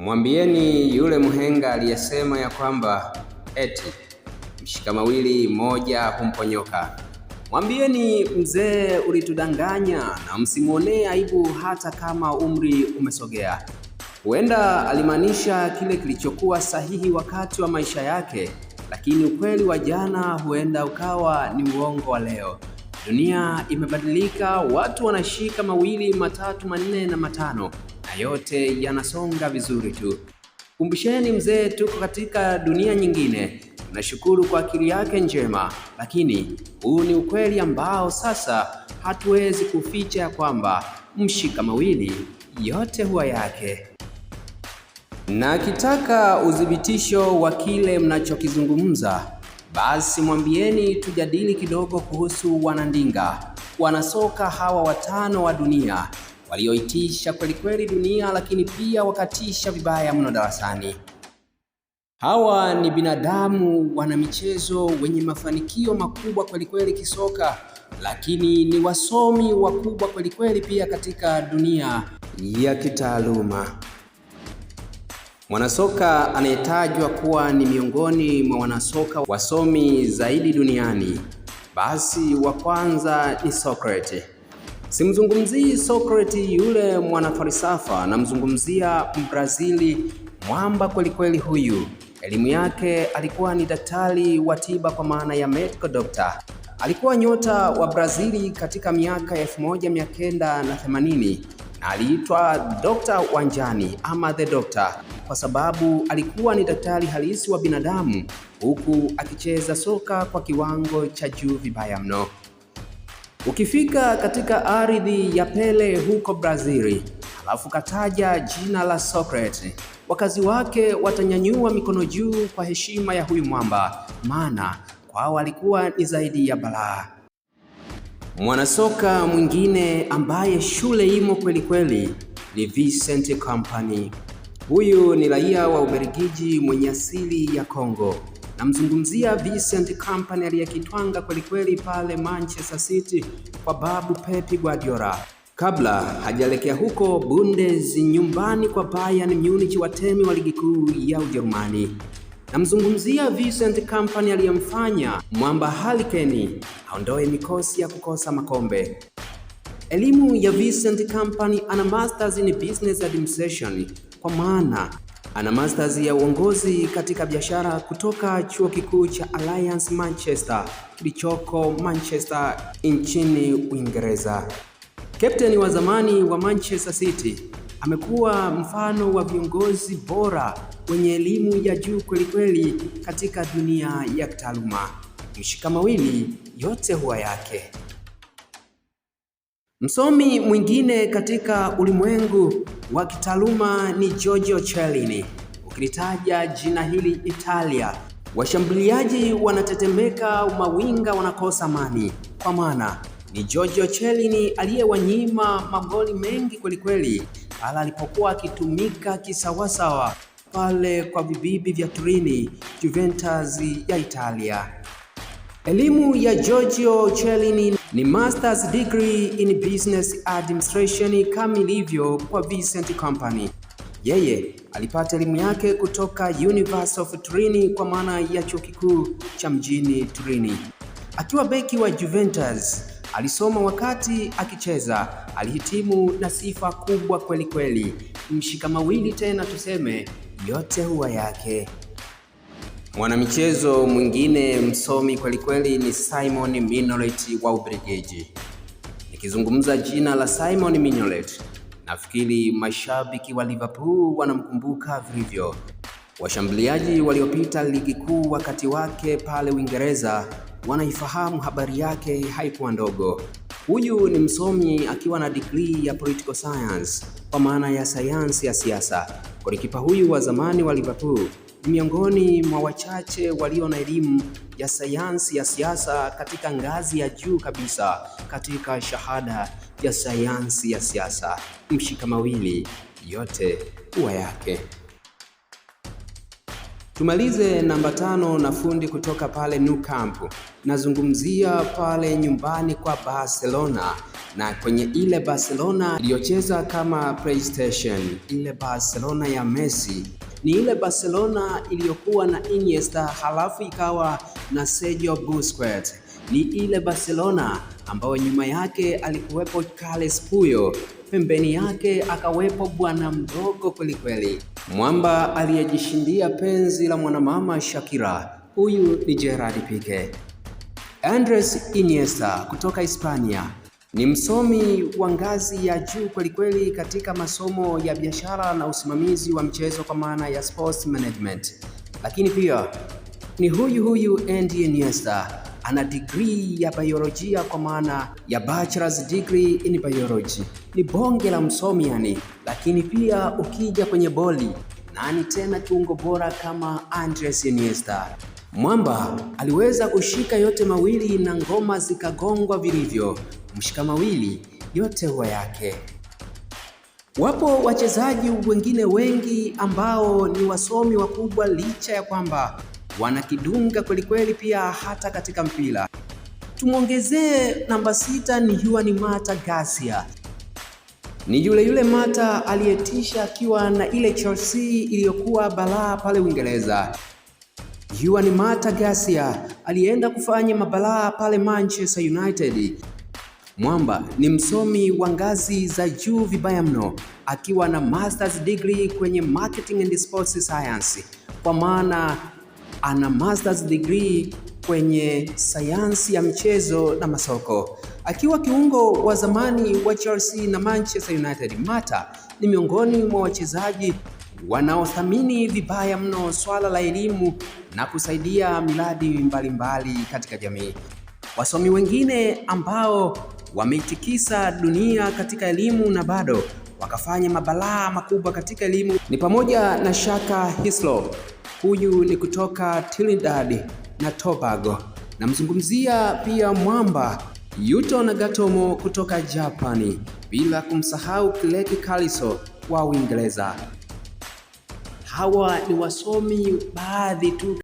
Mwambieni yule mhenga aliyesema ya kwamba eti mshika mawili moja humponyoka. Mwambieni mzee, ulitudanganya na msimwonee aibu hata kama umri umesogea. Huenda alimaanisha kile kilichokuwa sahihi wakati wa maisha yake, lakini ukweli wa jana huenda ukawa ni uongo wa leo. Dunia imebadilika, watu wanashika mawili, matatu, manne na matano na yote yanasonga vizuri tu. Kumbusheni mzee, tuko katika dunia nyingine. Tunashukuru kwa akili yake njema, lakini huu ni ukweli ambao sasa hatuwezi kuficha ya kwamba mshika mawili yote huwa yake. Na akitaka udhibitisho wa kile mnachokizungumza, basi mwambieni tujadili kidogo kuhusu wanandinga, wanasoka hawa watano wa dunia walioitisha kwelikweli dunia, lakini pia wakatisha vibaya mno darasani. Hawa ni binadamu wana michezo wenye mafanikio makubwa kwelikweli kisoka, lakini ni wasomi wakubwa kwelikweli pia katika dunia ya kitaaluma. Mwanasoka anayetajwa kuwa ni miongoni mwa wanasoka wasomi zaidi duniani, basi wa kwanza ni Socrates. Simzungumzii Socrates yule mwanafalsafa, namzungumzia Mbrazili mwamba kwelikweli huyu. Elimu yake alikuwa ni daktari wa tiba kwa maana ya medical doctor. Alikuwa nyota wa Brazili katika miaka na themanini na aliitwa Dr. Wanjani ama the Doctor kwa sababu alikuwa ni daktari halisi wa binadamu huku akicheza soka kwa kiwango cha juu vibaya mno. Ukifika katika ardhi ya Pele huko Brazili, alafu kataja jina la Socrates, wakazi wake watanyanyua mikono juu kwa heshima ya huyu mwamba, maana kwao alikuwa ni zaidi ya balaa. Mwanasoka mwingine ambaye shule imo kweli kweli ni Vincent Company Huyu ni raia wa Ubelgiji mwenye asili ya Kongo. Namzungumzia Vincent Kompany aliyekitwanga kwelikweli pale Manchester City kwa babu Pep Guardiola. Kabla hajaelekea huko Bundes, nyumbani kwa Bayern Munich, watemi wa ligi kuu ya Ujerumani. Namzungumzia Vincent Kompany aliyemfanya mwamba Hurricane aondoe mikosi ya kukosa makombe. Elimu ya Vincent Kompany ana masters in business administration kwa maana ana masters ya uongozi katika biashara kutoka chuo kikuu cha Alliance Manchester kilichoko Manchester nchini Uingereza. Kapteni wa zamani wa Manchester City amekuwa mfano wa viongozi bora wenye elimu ya juu kweli kweli katika dunia ya taaluma. mshikamawili yote huwa yake. Msomi mwingine katika ulimwengu wa kitaaluma ni Giorgio Chiellini. Ukilitaja jina hili Italia, washambuliaji wanatetemeka, mawinga wanakosa amani, kwa maana ni Giorgio Chiellini aliyewanyima magoli mengi kwelikweli, ala alipokuwa akitumika kisawasawa pale kwa vibibi vya Turini, Juventus ya Italia. Elimu ya Giorgio Chiellini ni masters degree in business administration kama ilivyo kwa Vincent Company. Yeye alipata elimu yake kutoka University of Turini kwa maana ya chuo kikuu cha mjini Turini. Akiwa beki wa Juventus, alisoma wakati akicheza, alihitimu na sifa kubwa kweli kweli. Mshika mawili tena tuseme yote huwa yake. Mwanamichezo mwingine msomi kwelikweli ni Simon Minolet wa Ubelgiji. Nikizungumza jina la Simon Minolet, nafikiri mashabiki wa Liverpool wanamkumbuka vilivyo. Washambuliaji waliopita ligi kuu wakati wake pale Uingereza wanaifahamu habari yake, haikuwa ndogo. Huyu ni msomi akiwa na degree ya political science, kwa maana ya sayansi ya siasa. Golikipa huyu wa zamani wa Liverpool miongoni mwa wachache walio na elimu ya sayansi ya siasa katika ngazi ya juu kabisa katika shahada ya sayansi ya siasa. Mshikamawili yote huwa yake. Tumalize namba tano na fundi kutoka pale Nou Camp. Nazungumzia pale nyumbani kwa Barcelona na kwenye ile Barcelona iliyocheza kama PlayStation, ile Barcelona ya Messi ni ile Barcelona iliyokuwa na Iniesta halafu ikawa na Sergio Busquets. Ni ile Barcelona ambayo nyuma yake alikuwepo Carles Puyol, pembeni yake akawepo bwana mdogo kwelikweli, mwamba aliyejishindia penzi la mwanamama Shakira. Huyu ni Gerard Pique. Andres Iniesta kutoka Hispania ni msomi wa ngazi ya juu kwelikweli katika masomo ya biashara na usimamizi wa mchezo kwa maana ya sports management, lakini pia ni huyu huyu Andy Iniesta ana degree ya biolojia kwa maana ya bachelor's degree in biology. Ni bonge la msomi yani, lakini pia ukija kwenye boli, nani tena kiungo bora kama Andres Iniesta? Mwamba aliweza kushika yote mawili na ngoma zikagongwa vilivyo mawili yote huwa yake. Wapo wachezaji wengine wengi ambao ni wasomi wakubwa, licha ya kwamba wanakidunga kwelikweli, pia hata katika mpira. Tumwongezee namba sita ni Juan Mata Garcia, ni yule yule Mata aliyetisha akiwa na ile Chelsea iliyokuwa balaa pale Uingereza. Juan Mata Garcia alienda kufanya mabalaa pale Manchester United Mwamba ni msomi wa ngazi za juu vibaya mno, akiwa na masters degree kwenye marketing and sports science, kwa maana ana masters degree kwenye sayansi ya mchezo na masoko. Akiwa kiungo wa zamani wa Chelsea na Manchester United, Mata ni miongoni mwa wachezaji wanaothamini vibaya mno swala la elimu na kusaidia miradi mbalimbali katika jamii. Wasomi wengine ambao wameitikisa dunia katika elimu na bado wakafanya mabalaa makubwa katika elimu, ni pamoja na Shaka Hislop. Huyu ni kutoka Trinidad na Tobago. Namzungumzia pia mwamba Yuto Nagatomo kutoka Japani, bila kumsahau Kleki Kaliso wa Uingereza. Hawa ni wasomi baadhi tu.